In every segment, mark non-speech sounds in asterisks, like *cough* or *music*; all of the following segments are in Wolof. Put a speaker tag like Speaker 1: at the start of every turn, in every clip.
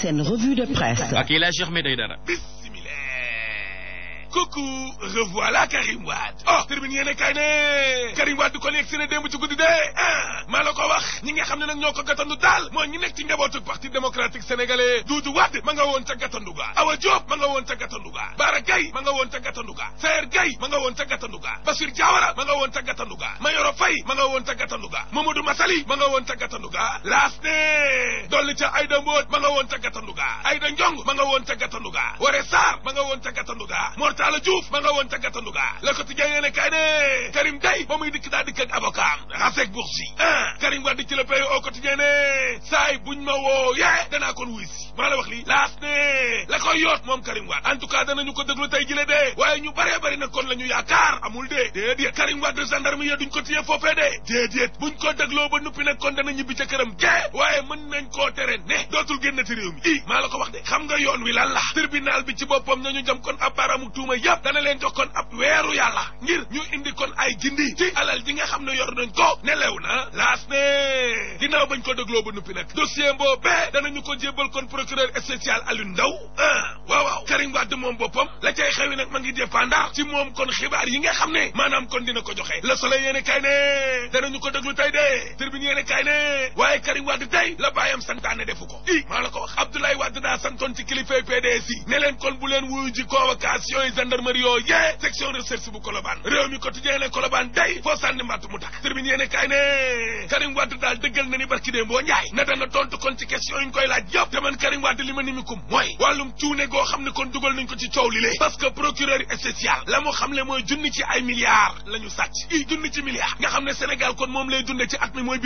Speaker 1: seen revue de presse. ak El Hadji Ahmed Aïdara coucou revoilà Karim Wade oh tribune yéene kay ne Karim Wade du ko yegg si ne démb ci guddi de ah maa la ko wax ñi nga xam ne nag ñoo ko gàttandu daal moo ñi nekk ci njabootu parti démocratique sénégalais Doudou Wade ma nga woon ca gàttandu ga Awa Diop ma nga woon ca gàttandu ga Bara Gaye ma nga woon ca gàttandu ga Sayer Gaye ma nga woon ca gàttandu ga Bassir Diawara ma nga woon ca gàttandu ga Mayoro Faye ma nga woon ca gàttandu ga Mamadou Massali ma Talla Diouf ma nga woon ca Gatanduga la ko tijjee yéene ne Karim day ba muy dikk daa dikk ak avocat Rasek Bourgi ah Karim Wade ci le pays au quotidien ne saay buñ ma wooyee danaa kon wuy si maa la wax lii laas ne la koy yoot moom Karim Wade en tout cas danañu ko déglu tey jile dee waaye ñu bëree bëri nag kon la ñu yaakaar amul dee déedéet Karim Wade gendarmerie duñ ko téye foofee dee déedéet buñ ko dégloo ba nuppi nag kon dana ñibbi i maa tuuma yëpp dana leen jox kon ab weeru yàlla ngir ñu indi kon ay jindi ci alal ji nga xam ne yor nañ ko nelew na laas ne ginnaaw bañ ko dégloo ba nuppi nag dossier boobee danañu ko jébbal kon procureur spécial Alioune Ndao ah waaw waaw Karim Wade moom boppam la cay nag ma ngi dépendant ci moom kon xibaar yi nga xam ne maanaam kon dina ko joxe Le Soleil yéene kay ne danañu ko déglu tey de Tribune yéene kay ne waaye Karim Wade tey la bàyyam santaane defu ko i maa la ko wax Abdoulaye Wade daa ci kilifay PDS yi ne leen kon gendarmerie yoo yee section recherche bu Colobane réew mi quotidien ne day foo sànni màtt mu takk termine yéene kaay ne daal dëggal na ni barki boo njaay ne dana tontu kon ci question yi ñu koy laaj yëpp te man Karim li ma ni mooy wàllum cuune goo xam ne kon dugal nañ ko ci coow li parce que procureur spécial la mu xam le mooy junni ci ay milliards la sàcc i junni ci milliards nga xam ne Sénégal kon moom lay dunde ci a def mooy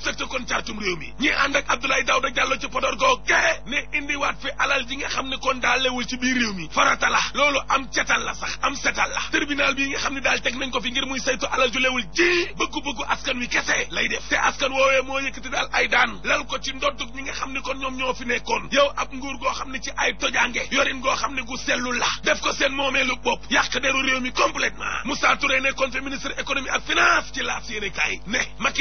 Speaker 1: respecté kon ni ànd ak Abdoulaye Daouda Diallo ci Podor googee ne indiwaat fi alal ji nga xam ne kon daa lewul ci biir réew mi farata la loolu am cetal la sax am setal la tribunal bii nga xam ne daal teg nañ ko fi ngir muy saytu alal ju lewul ji bëggu-bëggu askan wi kese lay def te askan woowee moo yëkkati daal ay daan lal ko ci ndoddug ñi nga xam ne kon ñoom ñoo fi nekkoon yow ab nguur goo xam ne ci ay tojaange yorin goo xam ne gu sellul la def ko seen moomeelu bopp yàq deru réew mi complètement Moussa Touré nekkoon fi ministre économie ak finance ci laas yéene kaay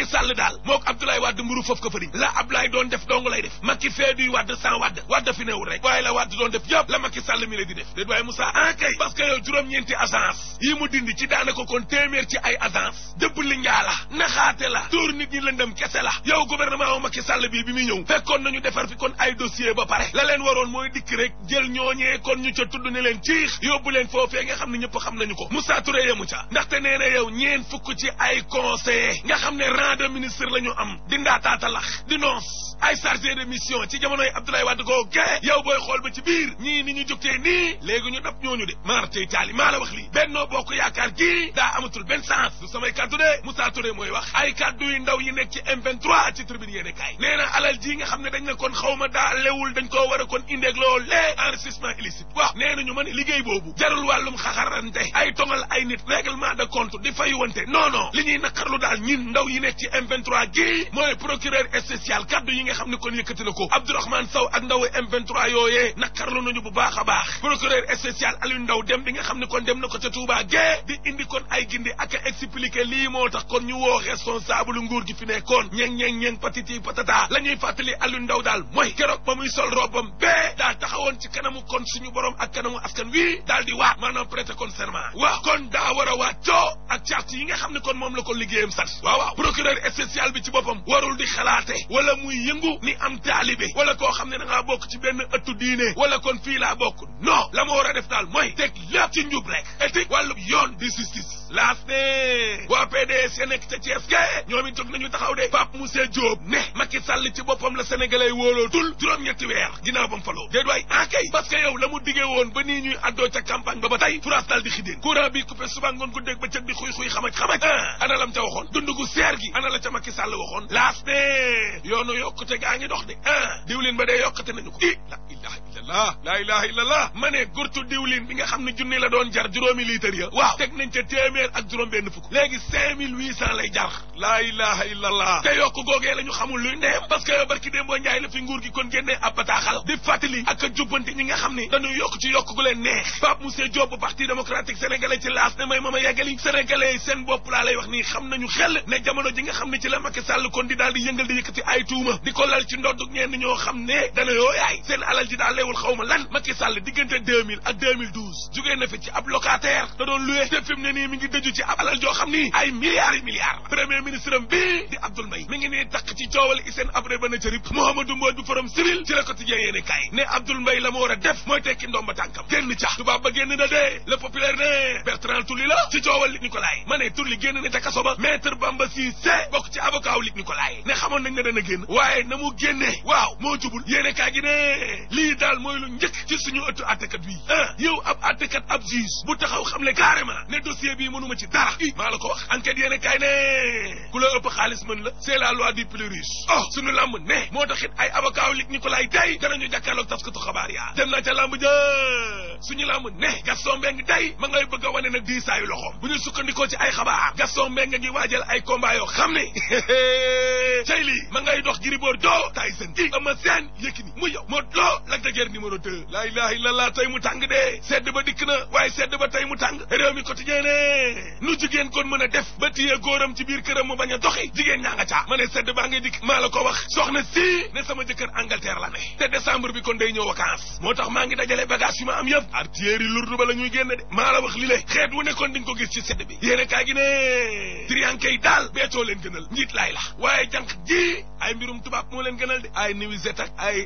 Speaker 1: Sall daal mook Abdoulaye Wade mburu foofu la Ablaye doon def dong lay def Macky fee duy wadd sans wadd wadd fi newul rek waaye la wadd doon def yëpp la Macky Sall mi la di def déet waaye Moussa ah kay parce que yow juróom-ñeenti agence yi mu dindi ci daanaka kon téeméer ci ay agence dëbb li ngaa la naxaate la tuur nit ñi lëndëm kese la yow gouvernement wu Macky Sall bii bi muy ñëw fekkoon nañu defar fi kon ay dossier ba pare la leen waroon mooy dikk rek jël ñooñee kon ñu ca tudd ne leen ciix yóbbu leen foofee nga xam ne ñëpp xam nañu ko Moussa Touré yemu ca ndaxte nee na yow ñeen ay conseiller nga xam ne rang de la ñu am di ndaataata lax abondance ay chargé de mission ci jamonoy Abdoulaye Wade koo gee yow booy xool ba ci biir ñii ni ñu jógtee nii léegi ñu dab ñooñu de maarte taali maa la wax lii bennoo bokk yaakaar gii daa amatul benn sens su samay kaddu de Moussa Touré mooy wax ay kaddu yu ndaw yi nekk ci M23 ci tribune yéene kaay na alal ji nga xam ne dañ ne kon xaw ma daa dañ koo war a kon indeeg loolu lee enrichissement illicite waaw nee ñu ma ne liggéey boobu jarul wàllum xaxarante ay nit règlement de compte di fay wante non non li ñuy naqarlu daal ñin yi nekk ci M23 gii mooy yi nga xam ne kon yëkkati na ko Abdourahmane Sow ak ndaw M23 yooyee nakarlu nañu bu baax a baax procureur spécial Aliou Ndao dem bi nga xam ne kon dem na ko ca Touba gee di indi kon ay gindi ak a expliqué lii moo tax kon ñu woo responsable nguur gi fi nekkoon ñeeng ñeeng ñeeng patiti patata la ñuy fàttali Aliou ndaw daal mooy keroog ba muy sol robam bee daa taxawoon ci kanamu kon suñu borom ak kanamu askan wi daal di waat maanaam prêter kon serment waaw kon daa war a waat coo ak charte yi nga xam ne kon moom la ko liggéeyam sax waaw waaw procureur spécial bi ci boppam warul di xalaate wala muy yëngu mukk ni am taalibe wala koo xam ne da ngaa bokk ci benn atu diine wala kon fii laa bokk non la ma war a def daal mooy teg lépp ci njub rek éthique wàllu yoon di justice laas ne waa PDS ya nekk ca Thiès ke ñoom it nañu taxaw de Pape Moussa Diop ne Macky Sall ci boppam la sénégalais wóolootul juróom-ñetti weer ginnaaw ba mu faloo déet waay akay ah parce que yow la mu diggee woon ba nii ñuy addoo ca campagne ba ba tey France daal di xidéen courant bi coupé suba ngoon ko dégg ba cëg di xuy-xuy xamaj-xamaj ah ana ca waxoon dund gu seer gi ana la ca Macky Sall waxoon laas yoonu yokkute gaa ngi dox de ah diwlin ba dee yokkate nañu ilaha illallah laa ilaha illallah ma gurtu diwlin bi nga xam ne junni la doon jar juróomi liitar ya waaw teg nañ ca téeméer ak juróom benn fukk léegi cinq mille huit cent lay jar laa ilaha illallah te yokk googee la xamul luy ndeem parce que barki déem boo ci laas ne may mama yeggali sénégalais seen bopp laa lay wax nii xam nañu xel ne jamono ji nga xam ne ci la Macky Sall kon di daal di yëngal di yëkkati ay tuuma di ko lal ci ndodd ñenn ñoo xam ne daal léewul xaw ma lan Macky Sall diggante 2000 ak 2012 jugee na fi ci ab locataire da doon ne nii mi dëju ci ab joo xam ni ay milliards yi milliards premier ministre am di Abdoul Mbaye mi ngi takk ci coowal Hissène Habré ba na ca rip Mouhamadou Mbodj bu forum civil ci la quotidien yéene kaay ne Abdoul Mbaye la mu war def mooy tekki ndomba tànkam génn ca tubaab ba génn na dee le populaire ne Bertrand Tulli la ci coowal Luc Nicolaï ma Tulli lii daal mooy lu njëkk ci suñu ëttu attekat bii ah, yow ab attekat ab juge bu taxaw xam le carrément ne dossier bii mënuma ci dara i maa la ko wax enquête yéene kaay ne ku la ëpp xaalis mën la c'est la du plus riche oh, suñu làmb ne moo taxit ay avocat lig Nicolas tey danañu jàkkaarloog taskatu xabaar yaa dem naa ca làmb ja suñu làmb ne Gaston Mbengue ma ngay bëgg a wane nag diisaayu loxoom bu ñu sukkandikoo ci ay xabaar Gaston Mbengue ngi waajal ay combat yoo xam *laughs* ma ngay dox i Eumeu Sène Yékini mu yow moo Lac de Guiers numéro 2 laa ilaha illallah tey mu tàng dee sedd ba dikk na waaye sedd ba tey mu tàng réew mi quotidien ne nu jigéen kon mën a def ba téye góoram ci biir këram mu bañ a doxi jigéen ñaa nga caa ma sedd baa ngay dikk maa la ko wax soxna si ne sama jëkkër Angleterre la ne te décembre bi kon day ñëw vacances moo tax maa ngi dajale bagage yu ma am yëpp artillerie lourde ba la ñuy de maa la wax li xeet wu nekkoon di ko gis ci sedd bi yéene kaa gi ne trianke yi daal beetoo leen gënal njiit laay la waaye jànq ji ay mbirum tubaab moo leen gënal de ay nuisette ak ay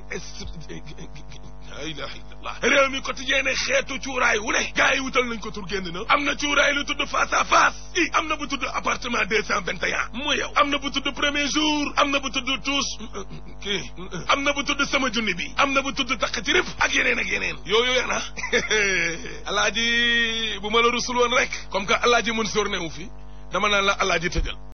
Speaker 1: la ilaha illallah réew mi quotidien ne xeetu cuuraay wu ne gars yi wutal nañ ko tur génn na am na cuuraay lu tudd face à face i am na bu tudd appartement deux cent vingt et un mu yow am na bu tudd premier jour am na bu tudd tous mm, mm, mm, kii am na bu tudd sama junni bi am na bu tudd takk ci rëf ak yeneen ak yeneen yooyu yana *laughs* alaaji bu ma la rusul woon rek comme que alaaji mën sorné wu fi dama naan la alaaji tëjal